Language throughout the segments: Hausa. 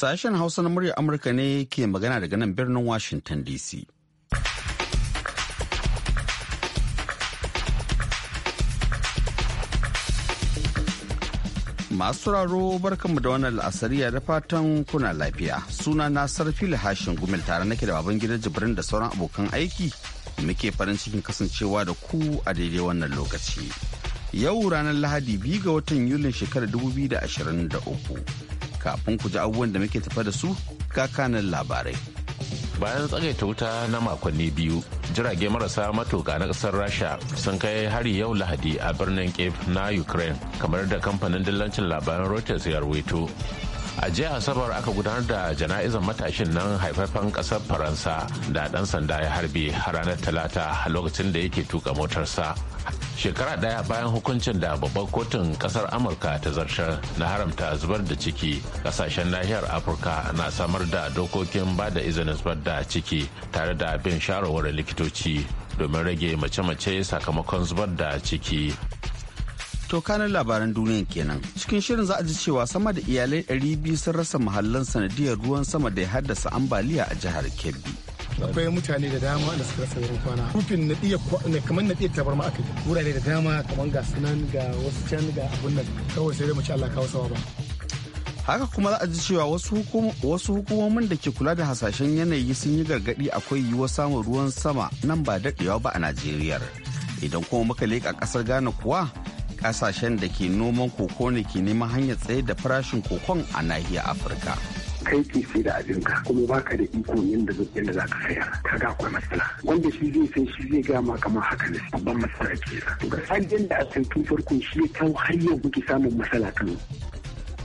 Sashen Hausa na muryar Amurka ne ke magana daga nan birnin Washington DC. Masu raro barkanmu da wannan la'asariya da fatan kuna lafiya. Suna na sarfi hashin Gumil tare nake da baban gidan jibrin da sauran abokan aiki muke farin cikin kasancewa da ku a daidai wannan lokaci. Yau ranar Lahadi biyu ga watan Yulin shekarar 2023. kafin ku ji abubuwan da muke tafa da su kakanin labarai. Bayan tsagaita wuta na makonni biyu, jirage marasa matuƙa na ƙasar Rasha sun kai hari yau Lahadi a birnin Kiev na Ukraine, kamar da kamfanin dillancin labaran Reuters ya rawaito. a jiya asabar aka gudanar da jana'izar matashin nan haifafen ƙasar faransa da ɗan sanda ya harbi ranar talata a lokacin da yake tuka motarsa shekara daya bayan hukuncin da babbar kotun kasar amurka ta zartar na haramta zubar da ciki kasashen nahiyar afirka na samar da dokokin ba da izinin zubar da ciki tare da bin shawarwarin likitoci domin rage mace-mace sakamakon zubar da ciki To kanin labaran duniyan kenan. Cikin shirin za a ji cewa sama da iyalai 200 sun rasa mahallan sanadiyar ruwan sama da ya haddasa ambaliya a jihar Kebbi. akwai mutane da dama da suka rasa wurin kwana rufin na iya kamar na iya tabarma aka yi wurare da dama kamar ga sunan ga wasu can ga abun nan kawai sai dai mace Allah kawo sawa ba haka kuma za a ji cewa wasu hukumomin da ke kula da hasashen yanayi sun yi gargadi akwai yiwuwar samun ruwan sama nan ba daɗewa ba a najeriya idan kuma muka leƙa ƙasar ghana kuwa ƙasashen da ke noman koko ne ke neman hanyar tsaye da farashin kokon a nahiyar afirka kai ke sai da ka kuma baka da iko yadda zai yadda za ka sayar ga akwai matsala wanda shi zai sai shi zai gama ma kamar haka ne babban matsala ke to ga da a tun farkon shi ta kawo har yau kuke samun matsala kan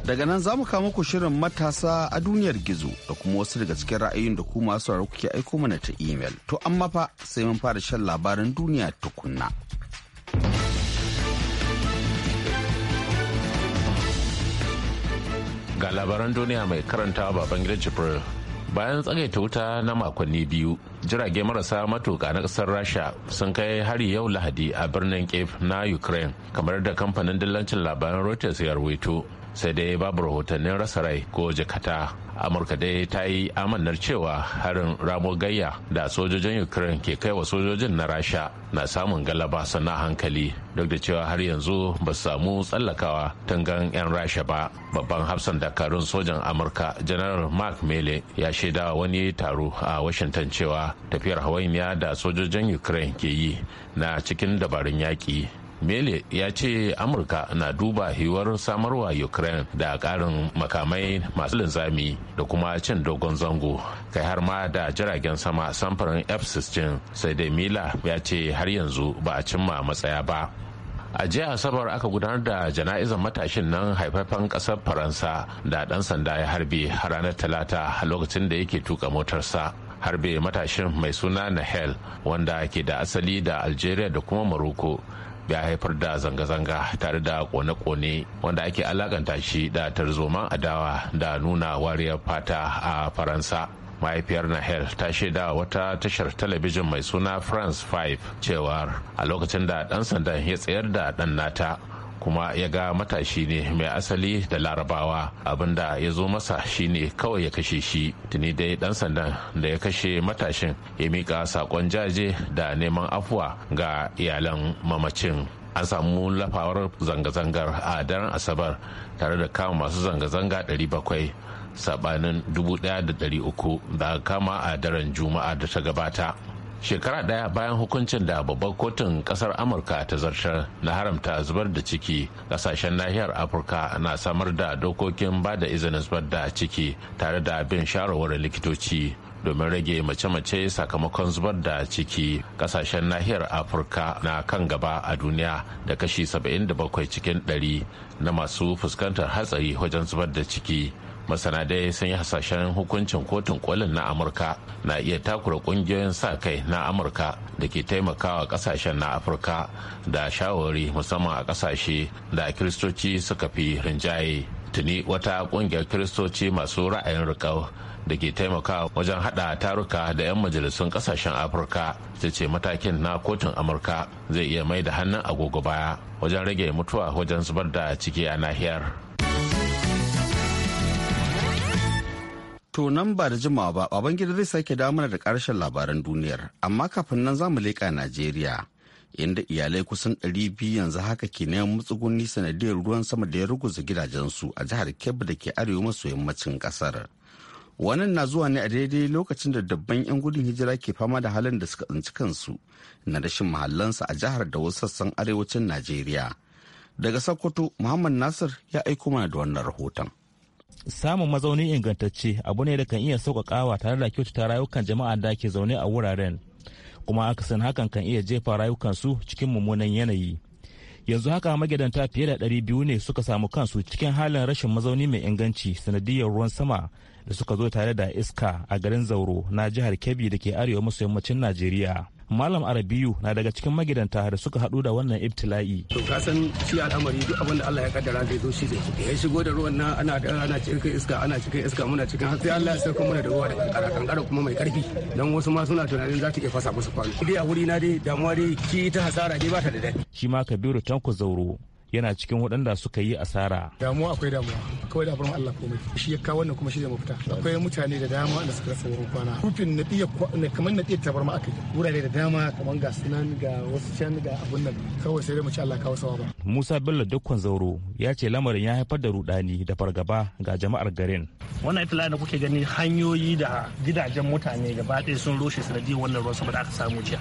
daga nan za mu kama ku shirin matasa a duniyar gizo da kuma wasu daga cikin ra'ayin da ku masu kuke aiko mana ta imel to amma fa sai mun fara shan labarin duniya tukunna. ga labaran duniya mai karantawa baban gidan jibril bayan tsagaita wuta na makonni biyu jirage marasa matuka na kasar rasha sun kai hari yau lahadi a birnin kiev na ukraine kamar da kamfanin dillancin labaran reuters ya rawaito sai dai babu rahotannin rasa rai ko jakata amurka dai ta yi amannar cewa harin ramo gayya da sojojin ukraine ke kai wa sojojin na rasha na samun galaba sana hankali duk da cewa har yanzu ba su samu tsallakawa tangan 'yan rasha ba babban hafsan dakarun sojan amurka janar mark mele ya shaida wani taro a washington cewa tafiyar hawainiya da sojojin ukraine ke yi na cikin dabarun yaƙi mele ya ce amurka na duba yiwuwar samarwa ukraine da karin makamai masu linzami da kuma cin dogon zango kai har ma da jiragen sama samfurin f-16 sai dai mila ya ce har yanzu ba a cimma matsaya ba a jiya asabar aka gudanar da jana'izar matashin nan haifafen kasar faransa da dan sanda ya harbe a ranar talata lokacin da yake tuka motarsa harbe matashin mai suna nahel wanda ke da asali da algeria da kuma morocco ya haifar da zanga-zanga tare da kone-kone wanda ake alakanta shi da tarzoma adawa da nuna wariyar fata a faransa mahaifiyar nahel ta shaida wata tashar talabijin mai suna france 5 cewar a lokacin da dan sandan ya tsayar da dan nata kuma ya ga matashi ne mai asali da larabawa abinda ya zo masa shine kawai ya kashe shi tuni dai dan sandan da ya kashe matashin ya mika sakon jaje da neman afuwa ga iyalan mamacin an samu lafawar zanga-zangar a daren asabar tare da kama masu zanga-zanga 700 sabanin 1,300 da kama a daren juma'a da ta gabata shekara daya bayan hukuncin da babbar kotun kasar amurka ta zartar na haramta zubar da ciki kasashen nahiyar afirka na samar da dokokin ba da izinin zubar da ciki tare da bin shawarwarin likitoci domin rage mace-mace sakamakon zubar da ciki kasashen nahiyar afirka na kan gaba a duniya da kashi 77 cikin 100 na masu fuskantar hatsari wajen zubar da ciki masanadai sun yi hasashen hukuncin kotun kolin na amurka na iya takura kungiyoyin sa kai na amurka da ke taimakawa kasashen na afirka da shawari musamman a kasashe da kiristoci suka fi rinjaye tuni wata kungiyar kiristoci masu ra'ayin rikau da ke taimakawa wajen hada taruka da 'yan majalisun kasashen afirka ta ce matakin na kotun amurka zai iya mai da hannun agogo baya wajen rage mutuwa wajen zubar da ciki a nahiyar To nan ba da jimawa ba, Babangida zai sake damuna da ƙarshen labaran duniyar, amma kafin nan za mu leƙa Najeriya, inda iyalai kusan ɗari biyu yanzu haka ke neman matsuguni sanadiyar ruwan sama da ya ruguza gidajensu a jihar Kebbi da ke arewa maso yammacin ƙasar. Wannan na zuwa ne a daidai lokacin da dabban 'yan gudun hijira ke fama da halin da suka tsinci kansu na rashin mahallansa a jihar da wasu sassan arewacin Najeriya. Daga Sokoto, Muhammad Nasir ya aiko mana da wannan rahoton. samun mazauni ingantacce abu ne da kan iya sauƙaƙawa tare da kyautata rayukan jama'a da ke zaune a wuraren kuma akasin hakan kan iya jefa rayukansu cikin mummunan yanayi yanzu haka magidanta fiye da ɗari biyu ne suka samu kansu cikin halin rashin mazauni mai inganci sanadiyar ruwan sama da suka zo tare da iska a garin zauro na jihar kebbi da ke arewa maso yammacin najeriya malam arabiyu na daga cikin magidanta da suka hadu da wannan ibtila'i to ka san shi al'amari duk abin da Allah ya kaddara zai zo shi zai ya shigo da ruwan nan ana da ana cikin iska ana cikin iska muna cikin har sai Allah ya sauka muna da ruwa da kankara kankara kuma mai karfi dan wasu ma suna tunanin za ta iya fasa musu kwano dai a wuri na dai damuwa dai ki ta hasara dai ba ta da daɗi shi ma kabiru tanko zauro yana cikin waɗanda suka yi asara. Damuwa akwai damuwa kawai da Allah komai shi ya kawo wannan kuma shi zai mafita akwai mutane da dama da suka rasa wurin kwana rufin na iya kamar na iya tabarma aka yi wurare da dama kamar ga sunan ga wasu can ga abun nan kawai sai dai mu ci Allah kawo sawa ba. Musa Bello dukkan zauro ya ce lamarin ya haifar da rudani da fargaba ga jama'ar garin. Wannan itila da kuke gani hanyoyi da gidajen mutane gaba ɗaya sun rushe sanadiyar wannan ruwan sama da aka samu jiya.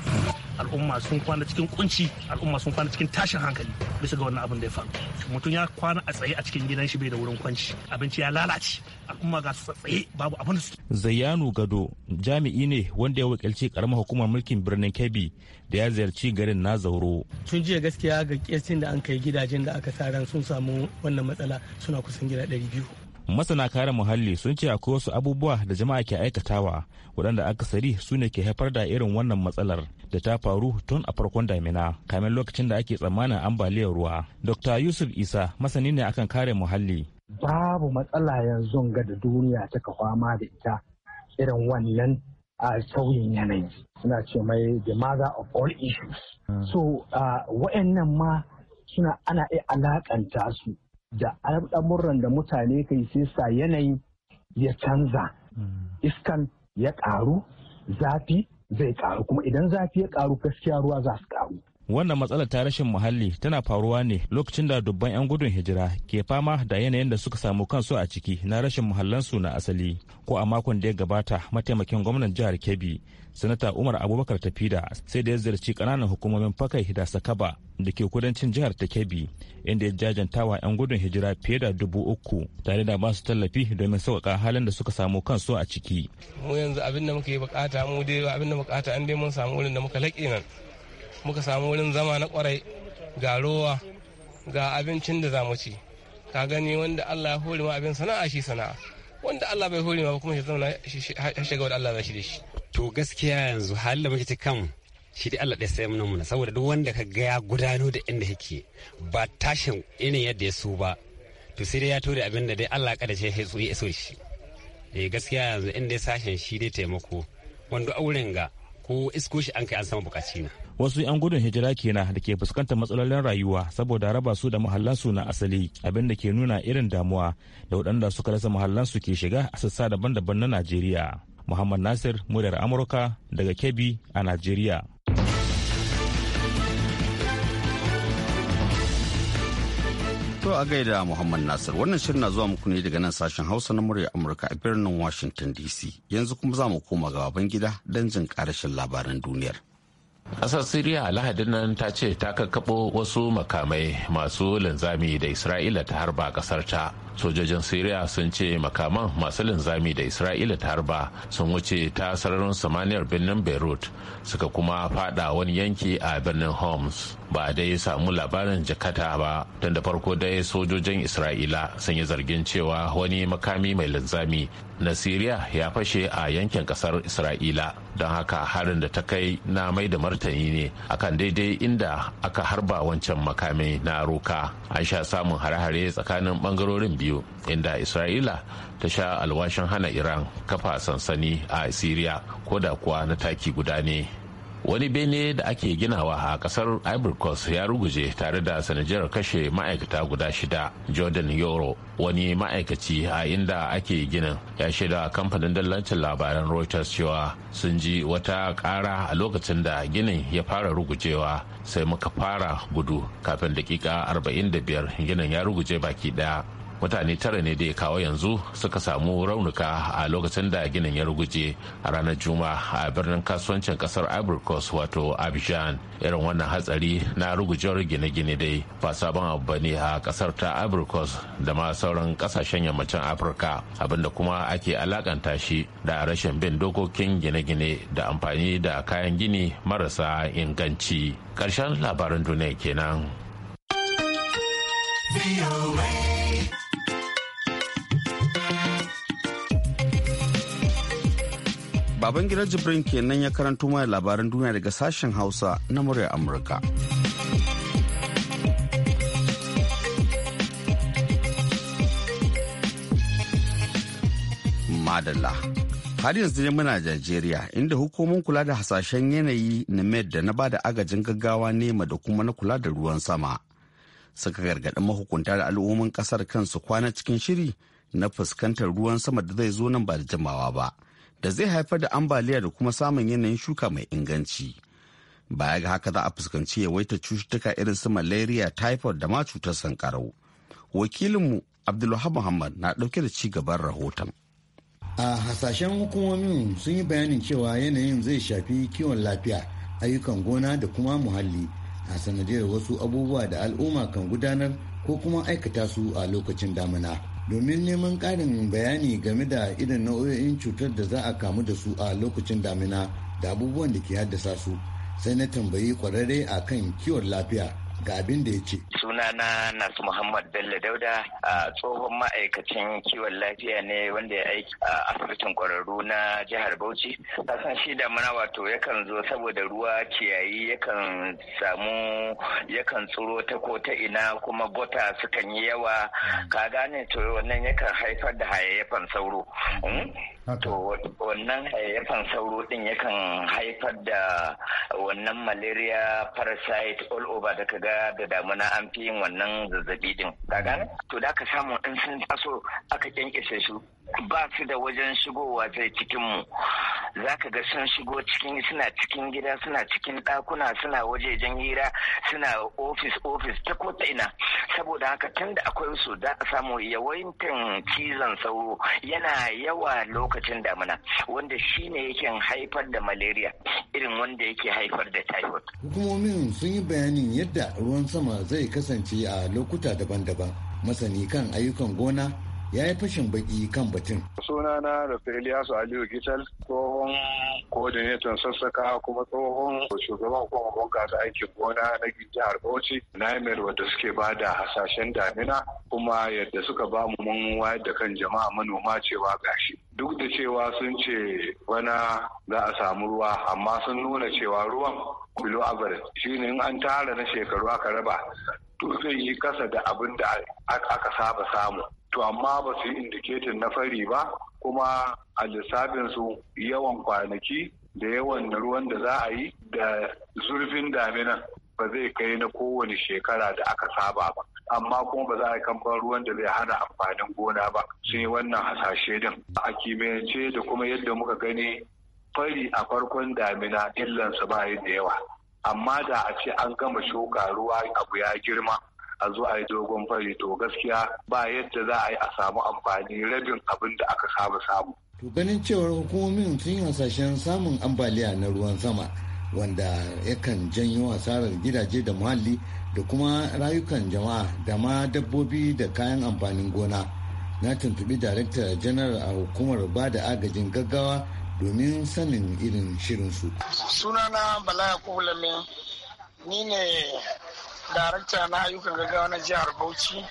al'umma sun kwana cikin kunci al'umma sun kwana cikin tashin hankali bisa ga wannan abin da ya faru mutum ya kwana a tsaye a cikin gidan shi bai da wurin kwanci abinci ya lalace al'umma ga su tsaye babu abin su zayanu gado jami'i ne wanda ya wakilci karamar hukumar mulkin birnin kebbi da ya ziyarci garin na zauro tun jiya gaskiya ga kesin da an kai gidajen da aka sa ran sun samu wannan matsala suna kusan gida 200 masana kare muhalli sun ce akwai wasu abubuwa da jama'a ke aikatawa waɗanda akasari su ne ke haifar da irin wannan matsalar da ta faru tun a farkon damina kamin lokacin da ake tsammanin ambaliyar ruwa dr yusuf isa masani ne akan kare muhalli babu matsala yanzu ga da duniya ta fama da ita irin wannan a sauyin yanayi suna ce mai the mother of all issues hmm. so wa'annan ma suna ana iya alakanta su da al'amuran da mutane kai sai sa yanayi ya canza mm. iskan ya ƙaru zafi zai ƙaru kuma idan zafi ya ƙaru gaskiya ruwa za su ƙaru wannan matsalar ta rashin muhalli tana faruwa ne lokacin da dubban 'yan gudun hijira ke fama da yanayin da suka samu kansu a ciki na rashin muhallansu na asali ko a makon da ya gabata mataimakin gwamnan jihar kebbi sanata umar abubakar tafida sai da ya ziyarci kananan hukumomin fakai da sakaba da ke kudancin jihar ta kebbi inda ya jajanta wa 'yan gudun hijira fiye da dubu uku tare da ba su tallafi domin sauƙaƙa halin da suka samu kansu a ciki mu yanzu abin da muka yi bukata mu dai abin da bukata an dai mun samu wurin da muka laƙe nan muka samu wurin zama na kwarai ga rowa ga abincin da za mu ci ka gani wanda Allah ya hori ma abin sana'a shi sana'a wanda Allah bai hori ma ba kuma shi zauna shi ga Allah zai shi da shi to gaskiya yanzu halin da muke kan shi dai Allah ɗaya sai mana muna saboda duk wanda ka ga ya gudano da inda yake ba tashin irin yadda ya so ba to sai dai ya tore abin da dai Allah ya kada shi ya so shi eh gaskiya yanzu inda ya sashen shi dai taimako wanda auren ga ko isko shi an kai an sama bukaci na wasu 'yan gudun hijira kenan da ke fuskantar matsalolin rayuwa saboda raba su da mahallansu na asali abin da ke nuna irin damuwa da waɗanda suka rasa mahallansu ke shiga a sassa daban-daban na najeriya muhammad nasir muryar amurka daga kebbi a najeriya To a gaida Muhammad Nasir wannan shirin na zuwa muku ne daga nan sashen Hausa na murya Amurka a birnin Washington DC yanzu kuma za mu koma gaban gida don jin karashin labaran duniyar. ƙasar siriya lahadin nan ta ce ta kakkaɓo wasu makamai masu linzami da isra'ila ta harba ƙasar ta sojojin siriya sun ce makaman masu linzami da isra'ila ta harba sun wuce ta sararin samaniyar birnin beirut suka kuma fada wani yanki a birnin homs ba dai samu labarin jakata ba tun da farko dai sojojin isra'ila sun yi zargin cewa wani makami mai linzami na siriya ya fashe a yankin kasar isra'ila don haka harin da ta kai na mai da martani ne akan daidai inda aka harba wancan makami na roka an sha samun hare-hare tsakanin bangarorin biyu biyu inda isra'ila ta sha alwashin hana iran kafa sansani a syria ko da kuwa na taki guda ne wani bene da ake ginawa a kasar ivory coast ya ruguje tare da sanajiyar kashe ma'aikata guda shida jordan yoro wani ma'aikaci a inda ake ginin ya shaida kamfanin dallancin labaran reuters cewa sun ji wata kara a lokacin da ginin ya fara rugujewa sai muka fara gudu kafin dakika 45 ginin ya ruguje baki daya mutane tara ne da ya kawo yanzu suka samu raunuka a lokacin da ginin ya ruguje a ranar juma'a a birnin kasuwancin kasar abirkos wato abidjan irin wannan hatsari na rugujewar gine-gine dai ba sabon abu ba ne a kasar ta abirkos da ma sauran kasashen yammacin afirka abinda kuma ake alakanta shi da rashin bin dokokin gine-gine da amfani da kayan gini marasa inganci ƙarshen labaran duniya kenan. Baban gidan Jibrin kenan ya karanto mana labaran duniya daga sashen Hausa na muryar Amurka. Madalla. Har yanzu ne muna Najeriya inda hukumomin kula da hasashen yanayi na MED da na bada agajin gaggawa ne nema da kuma na kula da ruwan sama. Suka gargaɗi mahukunta da al'ummomin ƙasar kansu kwana cikin shiri na fuskantar ruwan sama da zai zo nan ba da jimawa ba. da zai haifar da ambaliya da kuma samun yanayin shuka mai inganci baya ga haka za a fuskanci yawaitar cututtuka irin su malaria typhoid da ma cutar sankarau wakilinmu abdulwahab muhammad na ɗauke da ci gaban rahoton a hasashen hukumomin sun yi bayanin cewa yanayin zai shafi kiwon lafiya ayyukan gona da kuma muhalli a sanadiyar wasu abubuwa da al'umma kan gudanar ko kuma aikata su a lokacin damina. domin neman ƙarin bayani game da irin nau'o'in cutar da za a kamu da su a lokacin damina da abubuwan da ke haddasa su sai na tambayi kwararre a kan kiwon lafiya ga abin da ya ce. Sunana Nas Muhammad Bello Dauda a tsohon ma'aikacin kiwon lafiya ne wanda ya aiki a asibitin kwararru na jihar Bauchi. Kasan shi da mana wato yakan zo saboda ruwa ciyayi yakan samu yakan tsiro ta ko ta ina kuma bota sukan yi yawa ka gane to wannan yakan haifar da hayayyafan sauro. Hmm? to wannan hayayyafan sauro din yakan haifar da wannan malaria parasite all over da kaga da damuna an fi yin wannan zazzabi din Ka gane. to da ka samu in sun taso aka kyankyashe su ba su da wajen shigowa sai cikin mu za ka ga sun shigo cikin suna cikin gida suna cikin ɗakuna suna wajejen hira suna ofis ofis ta ko ina saboda haka tun da akwai su za a samu yawaitan cizon sauro yana yawa lokacin lokacin damina wanda shine yake haifar da malaria irin wanda yake haifar da typhoid. Hukumomin sun yi bayanin yadda ruwan sama zai kasance a lokuta daban-daban. Masani kan ayyukan gona ya yi fashin baki kan batun. Sunana Rafael Yasu Aliyu Gital tsohon coordinator sassaka kuma tsohon shugaban kuma ta aikin gona na jihar Bauchi na Emir wadda suke ba da hasashen damina kuma yadda suka ba mu mun wayar da kan jama'a manoma cewa gashi. Duk da cewa sun ce bana za a samu ruwa amma sun nuna cewa ruwan kulo average shine in an tara na shekaru aka raba to zai yi kasa da abin da aka saba samu to amma ba su yi indiketin na fari ba kuma a lissafinsu yawan kwanaki da yawan ruwan da za a yi da zurfin damina ba zai kai na kowane shekara da aka saba ba amma kuma ba za a ban ruwan da zai hana amfanin gona ba sun yi wannan hasashe din a kimiyyance da kuma yadda muka gani fari a farkon damina illansa ba da yawa amma da a ce an gama shuka ruwa abu ya girma a zo a yi dogon fari to gaskiya ba yadda za a yi a samu amfani rabin abin da aka saba samu. To ganin cewar hukumomin sun yi hasashen samun ambaliya na ruwan sama wanda yakan janyo asarar gidaje da muhalli da kuma rayukan jama'a da ma dabbobi da kayan amfanin gona. Na tuntubi Darakta Janar a hukumar ba da agajin gaggawa domin sanin irin shirinsu. Sunana Bala Kulame ni ne darakta na ayyukan gaggawa na jihar Bauchi.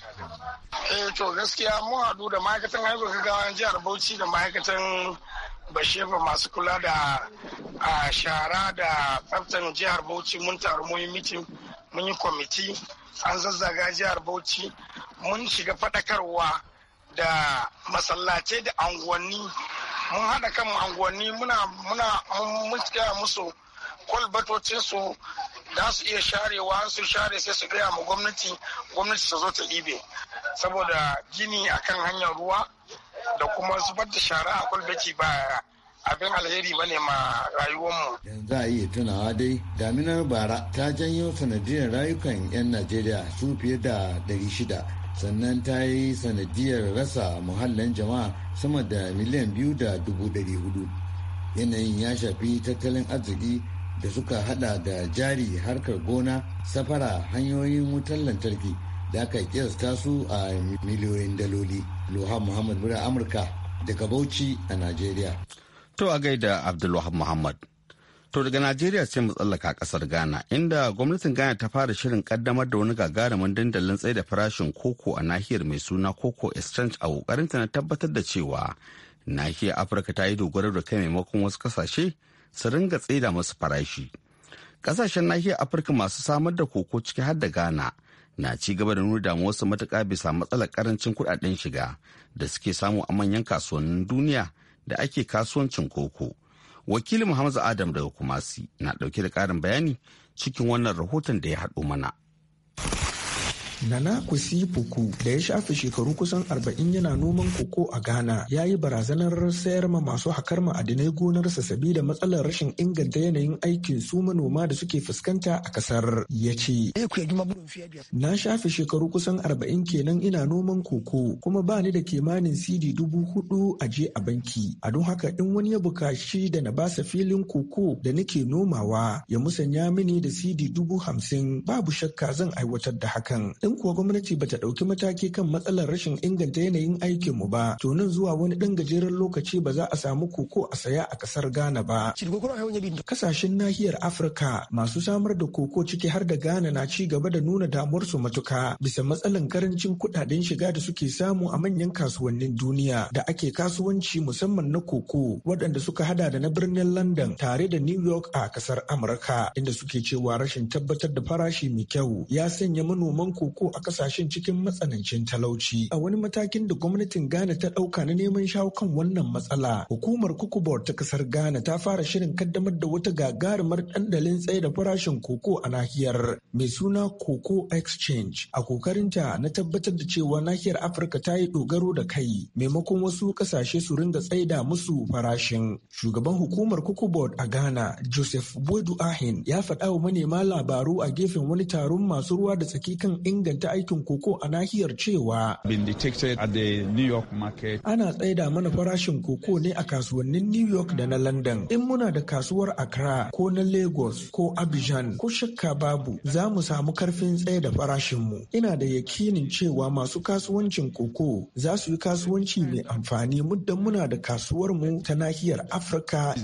Eh to gaskiya mun haɗu da ma'aikatan ayyukan gaggawa na jihar Bauchi da ma'aikatan Bashefa masu kula da shara da tsaftan jihar Bauchi mun taru mun yi mitin mun yi kwamiti an zazzaga jihar Bauchi mun shiga faɗakarwa da masallace da anguwanni mun haɗa kan anguwanni muna muna musu kwalbatocinsu za su iya sharewa su share sai su gaya ma gwamnati gwamnati ta zo ta ibe saboda gini akan hanyar ruwa da kuma zubar da shara a kulbeci ba abin alheri ba ne ma rayuwarmu. Yanzu a iya tunawa dai daminar bara ta janyo sanadiyar rayukan 'yan Najeriya su fiye da 600 sannan ta yi sanadiyar rasa muhallin jama'a sama da miliyan biyu da dubu ɗari hudu. Yanayin ya shafi tattalin arziki da suka hada da jari harkar gona safara hanyoyin wutar lantarki da aka kiyasta su a miliyoyin daloli luha muhammad mura amurka daga bauchi a nigeria. to a gaida abdulwahab muhammad to daga nigeria sai mu tsallaka kasar ghana inda gwamnatin ghana ta fara shirin kaddamar da wani gagarumin dandalin tsaye da farashin koko a nahiyar mai suna koko exchange a kokarinta na tabbatar da cewa nahiyar afirka ta yi dogaro da kai maimakon wasu kasashe su ringa tsaida masu farashi kasashen nahiyar afirka masu samar da koko ciki har da ghana na ci gaba da nuna damuwarsu matuƙa bisa matsalar karancin kuɗaɗen shiga da suke samu a manyan kasuwannin duniya da ake kasuwancin koko wakilin muhammadu adam daga kumasi na ɗauke da ƙarin bayani cikin wannan rahoton da ya haɗo mana Nana Kusi Puku da ya shafe shekaru kusan arba'in yana noman koko a Ghana ya yi barazanar sayar ma masu hakar ma'adinai gonarsa sabida matsalar rashin inganta yanayin aikin su manoma da suke fuskanta a kasar ya ce. Na shafe shekaru kusan arba'in kenan ina noman koko kuma ba ni da kimanin CD dubu hudu a je a banki. A don haka in wani ya bukaci da na basa filin koko da nake nomawa ya musanya mini da CD dubu hamsin babu shakka zan aiwatar da hakan. kuwa gwamnati bata ɗauki mataki kan matsalar rashin inganta yanayin aikin mu ba to nan zuwa wani ɗan gajeren lokaci ba za a samu koko a saya a ƙasar Ghana ba. Kasashen nahiyar Afirka masu samar da koko ciki har da Ghana na ci gaba da nuna damuwarsu matuka bisa matsalan karancin kuɗaɗen shiga da suke samu a manyan kasuwannin duniya da ake kasuwanci musamman na koko waɗanda suka hada da na birnin London tare da New York a ƙasar Amurka inda suke cewa rashin tabbatar da farashi mai kyau ya sanya manoman koko uku a kasashen cikin matsanancin talauci. A wani matakin da gwamnatin Ghana ta ɗauka na neman shawo kan wannan matsala, hukumar Kukubor ta kasar Ghana ta fara shirin kaddamar da wata gagarumar dandalin tsaye da farashin koko a nahiyar mai suna Koko Exchange. A kokarinta na tabbatar da cewa nahiyar Afirka ta yi dogaro da kai maimakon wasu kasashe su ringa tsaida musu farashin. Shugaban hukumar Kukubor a Ghana, Joseph Bodu Ahin, ya faɗa wa manema labaru a gefen wani taron masu ruwa da tsaki kan inganta aikin koko a nahiyar cewa ana tsaida mana farashin koko ne a kasuwannin New York da na London. In muna da kasuwar Accra ko na Lagos ko Abidjan ko shakka babu za mu samu karfin tsaye da farashinmu. Ina da yakinin cewa masu kasuwancin koko za su yi kasuwanci mai amfani muddin muna da kasuwar mu ta nahiyar Afirka.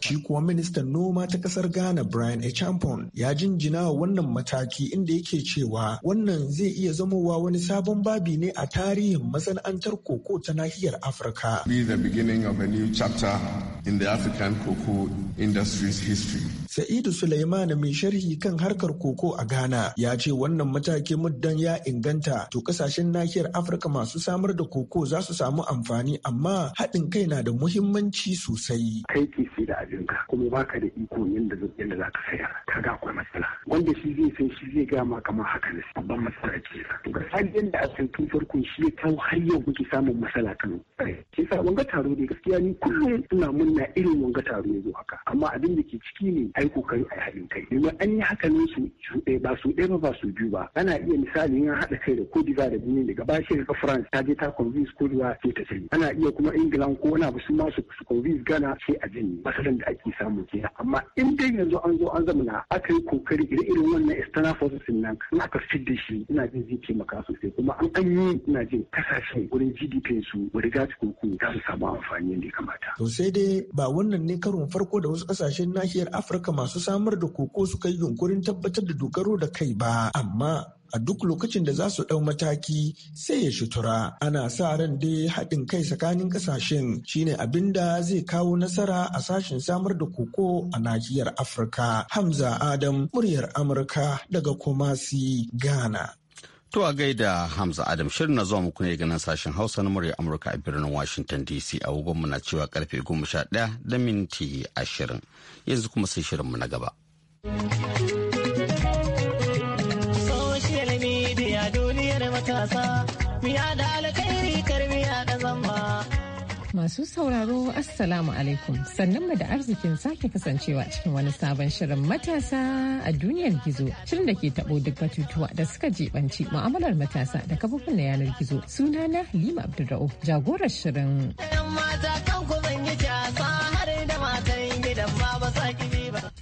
Shi kuwa ministan noma ta kasar Ghana Brian Echampon ya jinjina wannan mataki inda yake cewa wannan zai iya zamowa wani sabon babi ne a tarihin masana'antar koko ta nahiyar Afirka. Be the beginning of a new chapter in the African cocoa industry's history. Sa'idu Sulaiman mai sharhi kan harkar koko a Ghana ya ce wannan mataki muddan ya inganta to kasashen nahiyar Afirka masu samar da koko za su samu amfani amma haɗin kai na da muhimmanci sosai. Kai ke sai da abinka kuma baka da iko yadda yadda za ka sayar ka ga akwai matsala wanda shi zai san shi zai ga ma kamar haka ne babban matsala ce to yadda a san tun farkon shi ya kawo har yau kuke samun matsala kan shi sa wanga taro ne gaskiya ni kullum ina munna irin wanga taro ne zo haka amma abin da ke ciki ne yi kokari a haɗin kai domin an yi haka ne su su ba su ɗaya ba su biyu ba ana iya misali yin haɗa kai da kodiva da benin daga baya sai ka france ta je ta convince kodiva ke ta sani ana iya kuma england ko wani abu su ma su convince gana sai a jini masalan da ake samu ke amma in dai yanzu an zo an zama na aka yi kokari ire irin wannan external forces nan in aka da shi ina jin zai taimaka sosai kuma an an yi ina jin kasashen wurin gdp su riga su za su samu amfani yadda ya kamata. sosai dai ba wannan ne karon farko da wasu kasashen nahiyar afirka haka masu samar da koko suka yi yunkurin tabbatar da dogaro da kai ba amma a duk lokacin da za su ɗau mataki sai ya shutura ana sa ran dai haɗin kai tsakanin ƙasashen shine abin da zai kawo nasara a sashen samar da koko a nahiyar afirka hamza adam muryar amurka daga kumasi ghana To a gaida Hamza Adam shirin na zuwa muku ne ganin sashen Hausa na murya Amurka a birnin Washington DC a mu na cewa karfe 11 da minti 20. Yanzu kuma sai shirin mu na gaba. masu sauraro Assalamu alaikum sannan mu da arzikin sake kasancewa cikin wani sabon shirin matasa a duniyar gizo shirin da ke tabo duk batutuwa da suka jibanci mu'amalar matasa da kafofin na yanar gizo sunana Halima abdurrau jagorar shirin.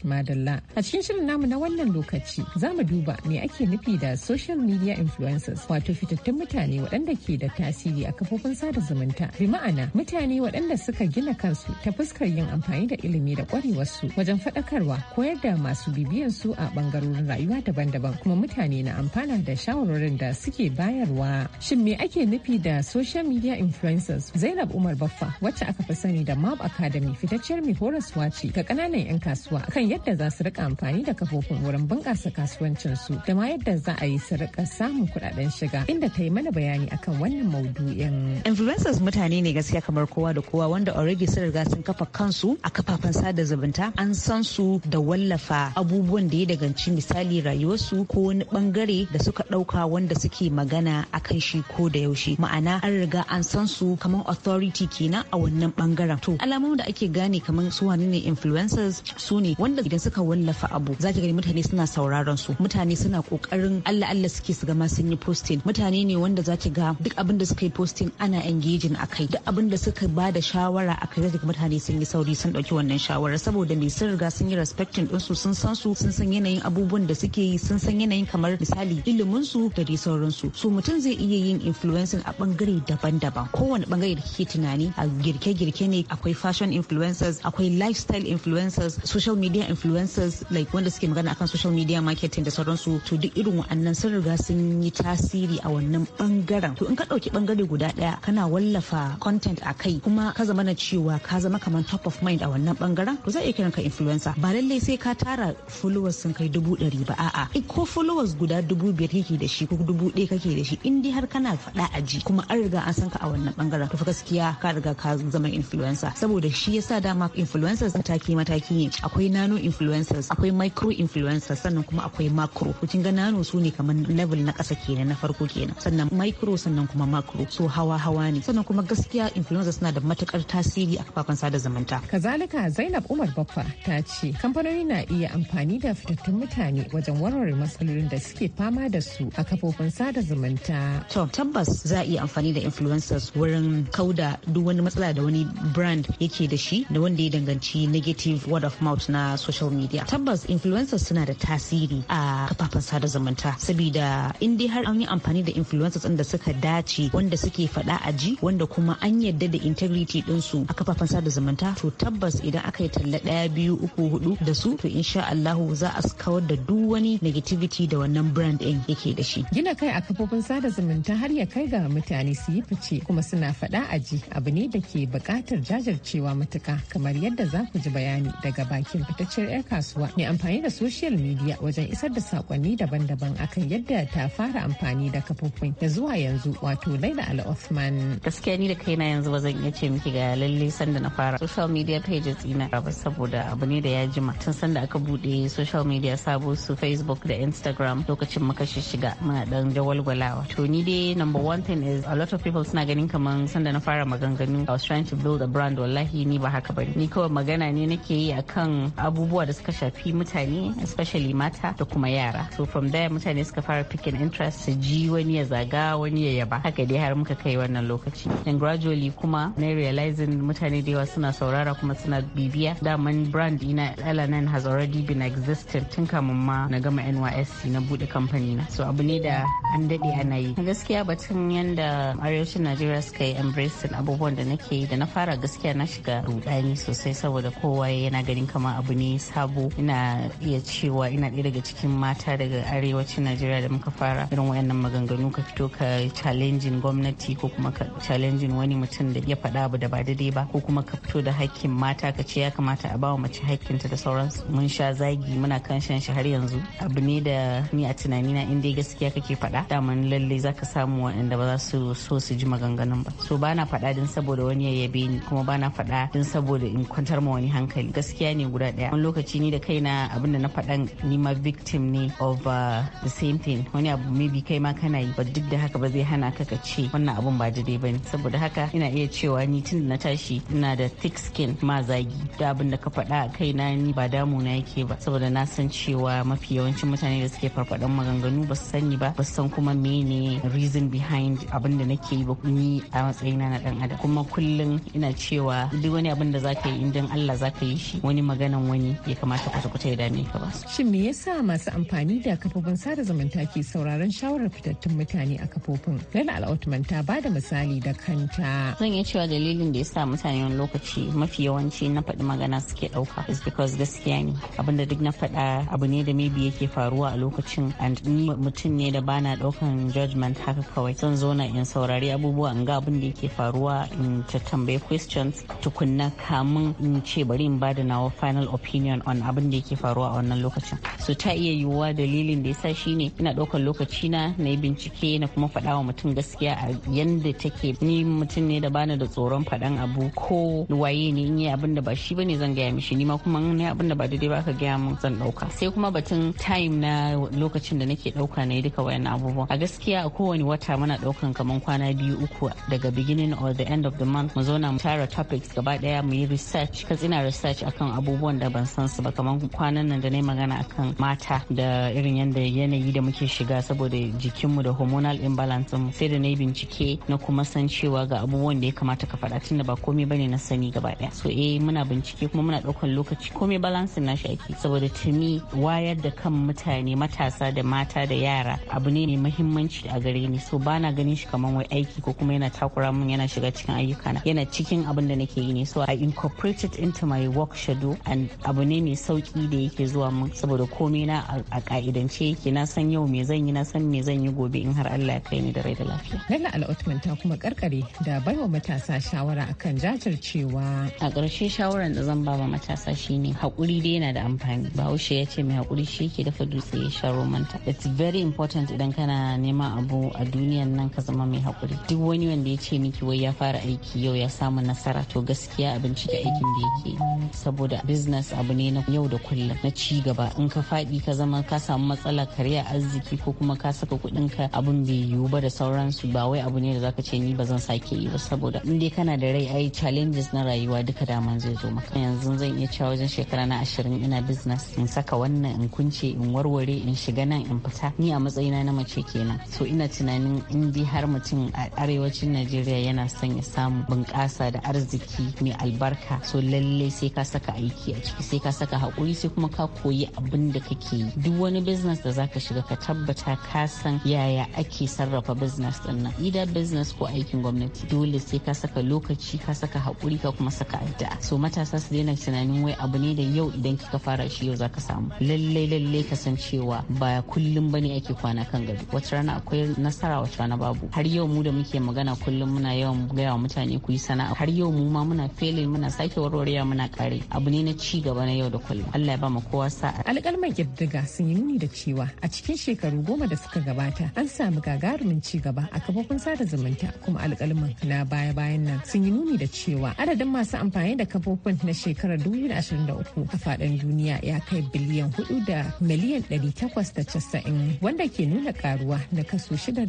Madalla. A cikin shirin namu na wannan lokaci za mu duba me ake nufi da social media influencers wato fitattun mutane waɗanda ke da tasiri a kafofin sada zumunta. Bi ma'ana mutane waɗanda suka gina kansu ta fuskar yin amfani da ilimi da ƙwarewarsu wajen faɗakarwa koyar da masu bibiyan su a ɓangarorin rayuwa daban-daban kuma mutane na amfana da shawarwarin da suke bayarwa. Shin me ake nufi da social media influencers? Zainab Umar Baffa wacce aka fi sani da Mob Academy fitacciyar mai horaswa ce ga ƙananan 'yan kasuwa kan yadda za su rika amfani da kafofin wurin bunƙasa kasuwancinsu da ma yadda za a yi su rika samun kuɗaɗen shiga inda ta yi mana bayani akan wannan maudu'in. Influencers mutane ne gaskiya kamar kowa da kowa wanda already sun riga sun kafa kansu a kafafen sada zumunta an san su da wallafa abubuwan da ya daganci misali rayuwarsu ko wani bangare da suka ɗauka wanda suke magana akan shi ko da yaushe ma'ana an riga an san su kamar authority kenan a wannan bangaren to alamun da ake gane kamar su wani ne influencers su ne wanda idan suka wallafa abu zaki gani mutane suna sauraron su mutane suna kokarin Allah Allah suke su gama sun yi posting mutane ne wanda zaki ga duk abin da suka yi posting ana engaging kai duk abin da suka ba da shawara a kai zaki ga mutane sun yi sauri sun dauki wannan shawara saboda me sun riga sun yi respecting din su sun san su sun san yanayin abubuwan da suke yi sun san yanayin kamar misali ilimin su da dai sauransu su mutum zai iya yin influencing a bangare daban-daban kowane bangare da kike tunani a girke-girke ne akwai fashion influencers akwai lifestyle influencers social media influencers like wanda suke magana akan social media marketing da sauransu to duk irin wa'annan sun riga sun yi tasiri a wannan bangaren to in ka ɗauki bangare guda ɗaya kana wallafa content a kai kuma ka zama na cewa ka zama kamar top of mind a wannan bangaren to za a iya ka influencer ba lallai sai ka tara followers sun kai dubu ɗari ba a'a ko followers guda dubu biyar kake da shi ko dubu ɗaya kake da shi in dai har kana faɗa a ji kuma an riga an san ka a wannan bangaren to fa gaskiya ka riga ka zama influencer saboda shi yasa dama influencers mataki mataki ne akwai nano influencers akwai micro influencers sannan kuma akwai macro kucin ga nano su ne kamar level na ƙasa kenan na farko kenan sannan micro sannan kuma macro so hawa hawa ne sannan kuma gaskiya influencers suna da matukar tasiri a kafafen sada zumunta kazalika zainab umar baffa ta ce kamfanoni na iya amfani da fitattun mutane wajen warware matsalolin da suke fama da su a kafofin sada zumunta to tabbas za a iya amfani da influencers wurin kauda duk wani matsala da wani brand yake da shi da wanda ya danganci negative word of mouth na social social media tabbas influencers suna da tasiri a kafafen sada zumunta saboda in dai har an yi amfani da influencers inda suka dace wanda suke faɗa a ji wanda kuma an yadda da integrity su a kafafen sada zumunta to tabbas idan aka yi talla ɗaya biyu uku hudu da su to insha Allahu za a kawar da duk wani negativity da wannan brand ɗin yake da shi. Gina kai a kafofin sada zumunta har ya kai ga mutane su yi fice kuma suna faɗa a ji abu ne da ke buƙatar jajircewa matuka kamar yadda za ku ji bayani daga bakin fitacce fitacciyar 'yar kasuwa mai amfani da social media wajen isar da sakonni daban-daban akan yadda ta fara amfani da kafofin da zuwa yanzu wato Laila Al osman. Gaskiya ni da kaina yanzu ba zan iya ce miki ga lalle sanda na fara social media pages ina ba saboda abu ne da ya jima tun sanda aka bude social media sabo su Facebook da Instagram lokacin muka shiga muna dan jawalgwalawa. To ni dai number one thing is a lot of people suna ganin kaman sanda na fara maganganu I was trying to build a brand wallahi ni ba haka bane. Ni kawai magana ne nake yi akan abu abubuwa da suka shafi mutane especially mata da kuma yara so from there mutane suka fara picking interest su ji wani ya zaga wani ya yaba haka dai har muka kai wannan lokaci and gradually kuma na realizing mutane da yawa suna saurara kuma suna bibiya daman brand ina LNN has already been existing tun kamun ma na gama NYSC na bude kamfani na so abu ne da an dade ana yi gaskiya batun yanda arewacin Najeriya suka yi embracing abubuwan da nake da na fara gaskiya na shiga rudani sosai saboda kowa yana ganin kamar abu ne sabo ina iya cewa ina ɗaya daga cikin mata daga arewacin najeriya da muka fara irin wayannan maganganu ka fito ka challenging gwamnati ko kuma ka challenging wani mutum da ya faɗa abu da ba daidai ba ko kuma ka fito da hakkin mata ka ce ya kamata a bawa mace ta da sauransu mun sha zagi muna kan shan shi har yanzu abu ne da ni a tunanina in dai gaskiya kake faɗa daman lallai zaka samu waɗanda ba za su so su ji maganganun ba so ba na faɗa din saboda wani ya yabe ni kuma ba na faɗa din saboda in kwantar ma wani hankali gaskiya ne guda ɗaya lokaci ni da kaina abinda na faɗan ni ma victim ne of uh, the same thing wani abu maybe kai ma kana yi ba duk da haka ba zai hana ka ka ce wannan abun ba daidai ne saboda haka ina iya cewa ni tun da na tashi ina da thick skin ma zagi da abin da ka faɗa a kaina ni ba damu damuna yake ba saboda na san cewa mafi yawancin mutane da suke farfaɗan maganganu ba su sani ba ba su san kuma mene reason behind abin da nake yi ba ni a matsayin na dan adam kuma kullum ina cewa duk wani abin da zaka yi idan Allah zaka yi shi wani maganan wani ya kamata kwata-kwata ya dame ka ba. Shin me yasa masu amfani da kafofin sada zumunta ke sauraron shawarar fitattun mutane a kafofin? Lana Al'Otman ta ba da misali da kanta. Zan iya cewa dalilin da ya sa mutane wani lokaci mafi yawanci na faɗi magana suke ɗauka is because gaskiya ne abinda duk na faɗa abu ne da maybe yake faruwa a lokacin and ni mutum ne da bana ɗaukan judgment haka kawai zan zo na in saurari abubuwa in ga abin da yake faruwa in ta tambaye questions tukunna kamun in ce bari in bada nawa final opinion opinion on abin da yake faruwa a wannan lokacin so ta iya yiwuwa dalilin da yasa shine ina ɗaukar lokaci na na yi bincike na kuma faɗa wa mutum gaskiya a yanda take ni mutum ne da bani da tsoron faɗan abu ko waye ne in yi abin da ba shi ne zan gaya mishi ni ma kuma in yi abin da ba daidai ba ka gaya min zan ɗauka sai kuma batun time na lokacin da nake ɗauka na yi duka wayan abubuwa a gaskiya a kowane wata muna ɗaukan kaman kwana biyu uku daga beginning or the end of the month mu zauna mu tara topics gaba ɗaya mu yi research katsina research akan abubuwan da ban san su ba kamar kwanan nan da na magana akan mata da irin yadda yanayi da muke shiga saboda jikinmu da hormonal imbalance mu sai da na yi bincike na kuma san cewa ga abubuwan da ya kamata ka faɗa da ba komai bane na sani gaba ɗaya so eh muna bincike kuma muna ɗaukar lokaci komai na shi ake saboda tuni wayar da kan mutane matasa da mata da yara abu ne mai mahimmanci a gare ni so ba na ganin shi kamar wai aiki ko kuma yana takura mun yana shiga cikin ayyukana yana cikin abin da nake yi ne so i incorporated into my work schedule and abu ne mai sauki da yake zuwa min saboda komai na a ka'idance yake na san yau me zan yi na san me zan yi gobe in har Allah ya kai ni da rai da lafiya lalla al'utman ta kuma karkare da baiwa matasa shawara akan jajircewa a ƙarshe shawaran da zan ba wa matasa shine hakuri dai yana da amfani bahaushe ya ce mai hakuri shi yake dafa dutse ya sha romanta it's very important idan kana neman abu a duniyan nan ka zama mai hakuri duk wani wanda ya ce miki wai ya fara aiki yau ya samu nasara to gaskiya abinci da aikin da yake saboda business abu ne na yau da kullum na ci gaba in ka faɗi ka zama ka samu matsala karya arziki ko kuma ka saka kuɗin ka abun bai yiwu ba da sauransu ba wai abu ne da zaka ce ni ba zan sake yi ba saboda in dai kana da rai ai challenges na rayuwa duka daman zai zo maka yanzu zan iya cewa wajen shekara na ashirin ina business in saka wannan in kunce in warware in shiga nan in fita ni a matsayina na mace kenan so ina tunanin in dai har mutum a arewacin najeriya yana son ya samu bunƙasa da arziki mai albarka so lallai sai ka saka aiki a ciki sai ka saka hakuri sai kuma ka koyi abin da kake yi duk wani business da zaka shiga ka tabbata ka san yaya ake sarrafa business din nan ida business ko aikin gwamnati dole sai ka saka lokaci ka saka hakuri ka kuma saka addu'a so matasa su daina tunanin wai abu ne da yau idan kika fara shi yau zaka samu lalle lalle ka san cewa ba kullum bane ake kwana kan gado wata rana akwai nasara wata rana babu har yau mu da muke magana kullum muna yawan gaya wa mutane ku yi sana'a har yau mu ma muna failing muna sake warwarewa muna kare abu ne na ci gaba na yau da kullum Allah ya ba mu kowa sa'a alƙalman sun yi nuni da cewa a cikin shekaru goma da suka gabata an samu gagarumin ci gaba a kafofin sada zumunta kuma alƙalman na baya-bayan nan sun yi nuni da cewa adadin masu amfani da kafofin na shekarar 2023 a faɗin duniya ya kai biliyan 4 da miliyan 890 wanda ke nuna karuwa na kaso 6.5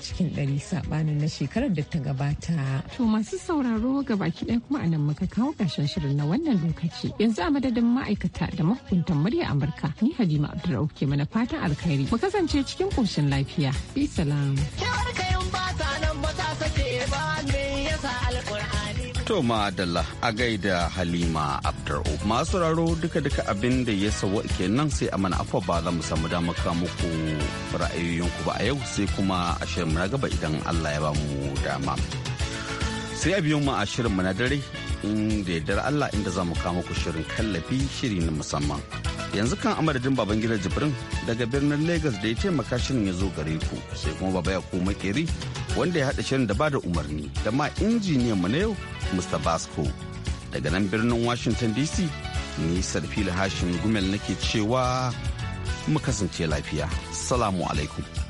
cikin 100 sabanin na shekarar da ta gabata. To masu sauraro gaba ɗaya kuma a nan muka kawo ƙarshen shirin na wannan lokaci. Yanzu a madadin ma'aikata da mahukuntan murya Amurka ni Halima Abdullahi ke mana fatan alkhairi mu kasance cikin koshin lafiya bi salam To Adalla a gaida Halima Abdur'u. Masu raro duka-duka abin da ya sawa nan sai a mana afa ba za mu samu damar muku ra'ayoyinku ba a yau sai kuma a shirin na gaba idan Allah ya ba mu dama. Sai a biyo mu a shirin na dare in da yardar Allah inda za mu kama ku shirin kallafi shiri na musamman. Yanzu kan amadadin baban gida Jibrin daga birnin Lagos da ya taimaka shirin ya zo gare ku sai kuma baba ya koma keri wanda ya haɗa shirin da ba da umarni da ma injiniyan mu na yau Mr. Basco. Daga nan birnin Washington DC ni Sarfila Hashim Gumel nake cewa mu kasance lafiya. Salamu alaikum.